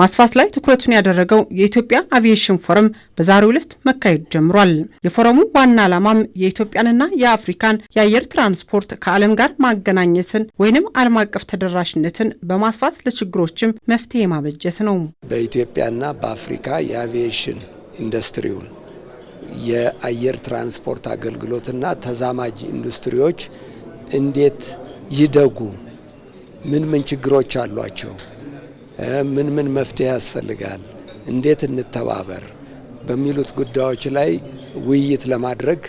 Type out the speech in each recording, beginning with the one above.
ማስፋት ላይ ትኩረቱን ያደረገው የኢትዮጵያ አቪዬሽን ፎረም በዛሬው ዕለት መካሄድ ጀምሯል። የፎረሙ ዋና ዓላማም የኢትዮጵያንና የአፍሪካን የአየር ትራንስፖርት ከዓለም ጋር ማገናኘትን ወይንም ዓለም አቀፍ ተደራሽነትን በማስፋት ለችግሮችም መፍትሄ ማበጀት ነው። በኢትዮጵያና በአፍሪካ የአቪዬሽን ኢንዱስትሪውን የአየር ትራንስፖርት አገልግሎትና ተዛማጅ ኢንዱስትሪዎች እንዴት ይደጉ፣ ምን ምን ችግሮች አሏቸው ምን ምን መፍትሄ ያስፈልጋል፣ እንዴት እንተባበር በሚሉት ጉዳዮች ላይ ውይይት ለማድረግ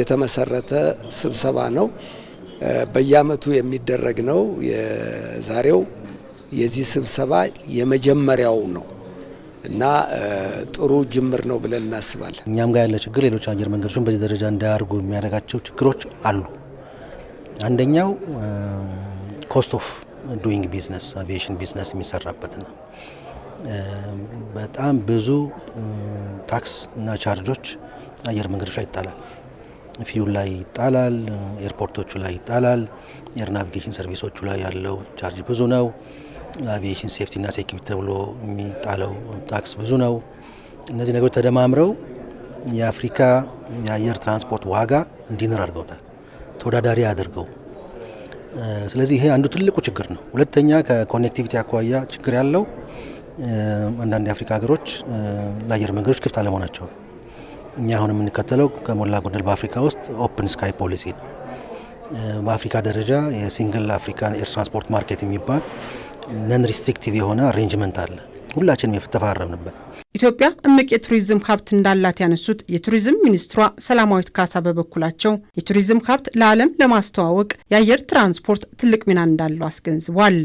የተመሰረተ ስብሰባ ነው። በየአመቱ የሚደረግ ነው። የዛሬው የዚህ ስብሰባ የመጀመሪያው ነው እና ጥሩ ጅምር ነው ብለን እናስባለን። እኛም ጋር ያለ ችግር ሌሎች አየር መንገዶችን በዚህ ደረጃ እንዳያርጉ የሚያደርጋቸው ችግሮች አሉ። አንደኛው ኮስት ኦፍ ዱይንግ ቢዝነስ አቪዬሽን ቢዝነስ የሚሰራበት ነው። በጣም ብዙ ታክስ እና ቻርጆች አየር መንገዶች ላይ ይጣላል። ፊዩል ላይ ይጣላል፣ ኤርፖርቶቹ ላይ ይጣላል። ኤር ናቪጌሽን ሰርቪሶቹ ላይ ያለው ቻርጅ ብዙ ነው። ሴፍቲ እና ሴኪሪቲ ተብሎ የሚጣለው ታክስ ብዙ ነው። እነዚህ ነገሮች ተደማምረው የአፍሪካ የአየር ትራንስፖርት ዋጋ እንዲንር አድርገውታል፣ ተወዳዳሪ አድርገው ስለዚህ ይሄ አንዱ ትልቁ ችግር ነው። ሁለተኛ ከኮኔክቲቪቲ አኳያ ችግር ያለው አንዳንድ የአፍሪካ ሀገሮች ለአየር መንገዶች ክፍት አለመሆናቸው። እኛ አሁን የምንከተለው ከሞላ ጎደል በአፍሪካ ውስጥ ኦፕን ስካይ ፖሊሲ ነው። በአፍሪካ ደረጃ የሲንግል አፍሪካን ኤር ትራንስፖርት ማርኬት የሚባል ነን ሪስትሪክቲቭ የሆነ አሬንጅመንት አለ፣ ሁላችንም የተፈራረምንበት ኢትዮጵያ እምቅ የቱሪዝም ሀብት እንዳላት ያነሱት የቱሪዝም ሚኒስትሯ ሰላማዊት ካሳ በበኩላቸው የቱሪዝም ሀብት ለዓለም ለማስተዋወቅ የአየር ትራንስፖርት ትልቅ ሚና እንዳለው አስገንዝቧል።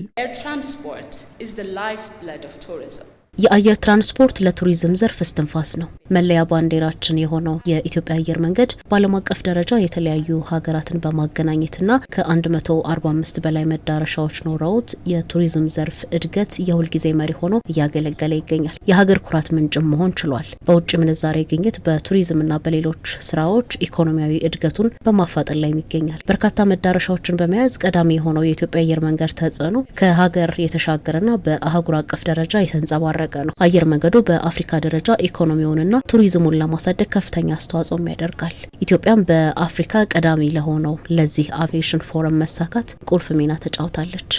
የአየር ትራንስፖርት ለቱሪዝም ዘርፍ እስትንፋስ ነው። መለያ ባንዲራችን የሆነው የኢትዮጵያ አየር መንገድ በዓለም አቀፍ ደረጃ የተለያዩ ሀገራትን በማገናኘትና ከ145 በላይ መዳረሻዎች ኖረውት የቱሪዝም ዘርፍ እድገት የሁልጊዜ መሪ ሆኖ እያገለገለ ይገኛል። የሀገር ኩራት ምንጭም መሆን ችሏል። በውጭ ምንዛሬ ግኝት፣ በቱሪዝምና በሌሎች ስራዎች ኢኮኖሚያዊ እድገቱን በማፋጠን ላይም ይገኛል። በርካታ መዳረሻዎችን በመያዝ ቀዳሚ የሆነው የኢትዮጵያ አየር መንገድ ተጽዕኖ ከሀገር የተሻገረና በአህጉር አቀፍ ደረጃ የተንጸባረ እያደረገ ነው። አየር መንገዱ በአፍሪካ ደረጃ ኢኮኖሚውንና ቱሪዝሙን ለማሳደግ ከፍተኛ አስተዋጽኦም ያደርጋል። ኢትዮጵያም በአፍሪካ ቀዳሚ ለሆነው ለዚህ አቪዬሽን ፎረም መሳካት ቁልፍ ሚና ተጫውታለች።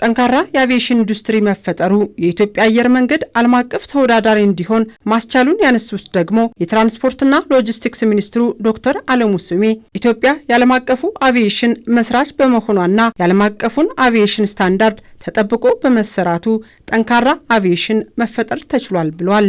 ጠንካራ የአቪዬሽን ኢንዱስትሪ መፈጠሩ የኢትዮጵያ አየር መንገድ ዓለም አቀፍ ተወዳዳሪ እንዲሆን ማስቻሉን ያነሱት ደግሞ የትራንስፖርትና ሎጂስቲክስ ሚኒስትሩ ዶክተር አለሙ ስሜ ኢትዮጵያ የዓለም አቀፉ አቪዬሽን መስራች በመሆኗና የዓለም አቀፉን አቪዬሽን ስታንዳርድ ተጠብቆ በመሰራቱ ጠንካራ አቪዬሽን መፈጠር ተችሏል ብሏል።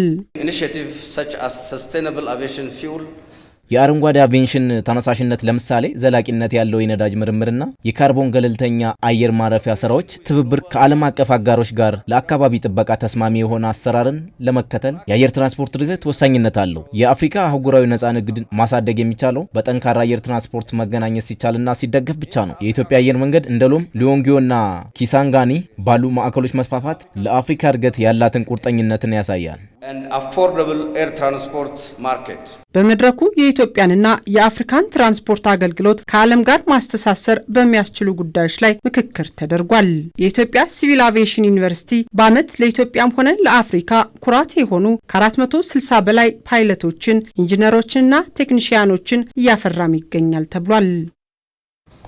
የአረንጓዴ አቬንሽን ተነሳሽነት ለምሳሌ ዘላቂነት ያለው የነዳጅ ምርምርና የካርቦን ገለልተኛ አየር ማረፊያ ስራዎች ትብብር ከዓለም አቀፍ አጋሮች ጋር ለአካባቢ ጥበቃ ተስማሚ የሆነ አሰራርን ለመከተል የአየር ትራንስፖርት እድገት ወሳኝነት አለው። የአፍሪካ አህጉራዊ ነፃ ንግድን ማሳደግ የሚቻለው በጠንካራ አየር ትራንስፖርት መገናኘት ሲቻልና ሲደገፍ ብቻ ነው። የኢትዮጵያ አየር መንገድ እንደ ሎም፣ ሊዮንጊዮና ኪሳንጋኒ ባሉ ማዕከሎች መስፋፋት ለአፍሪካ እድገት ያላትን ቁርጠኝነትን ያሳያል። በመድረኩ የኢትዮጵያንና የአፍሪካን ትራንስፖርት አገልግሎት ከዓለም ጋር ማስተሳሰር በሚያስችሉ ጉዳዮች ላይ ምክክር ተደርጓል። የኢትዮጵያ ሲቪል አቪዬሽን ዩኒቨርሲቲ በዓመት ለኢትዮጵያም ሆነ ለአፍሪካ ኩራት የሆኑ ከ460 በላይ ፓይለቶችን፣ ኢንጂነሮችንና ቴክኒሽያኖችን እያፈራም ይገኛል ተብሏል።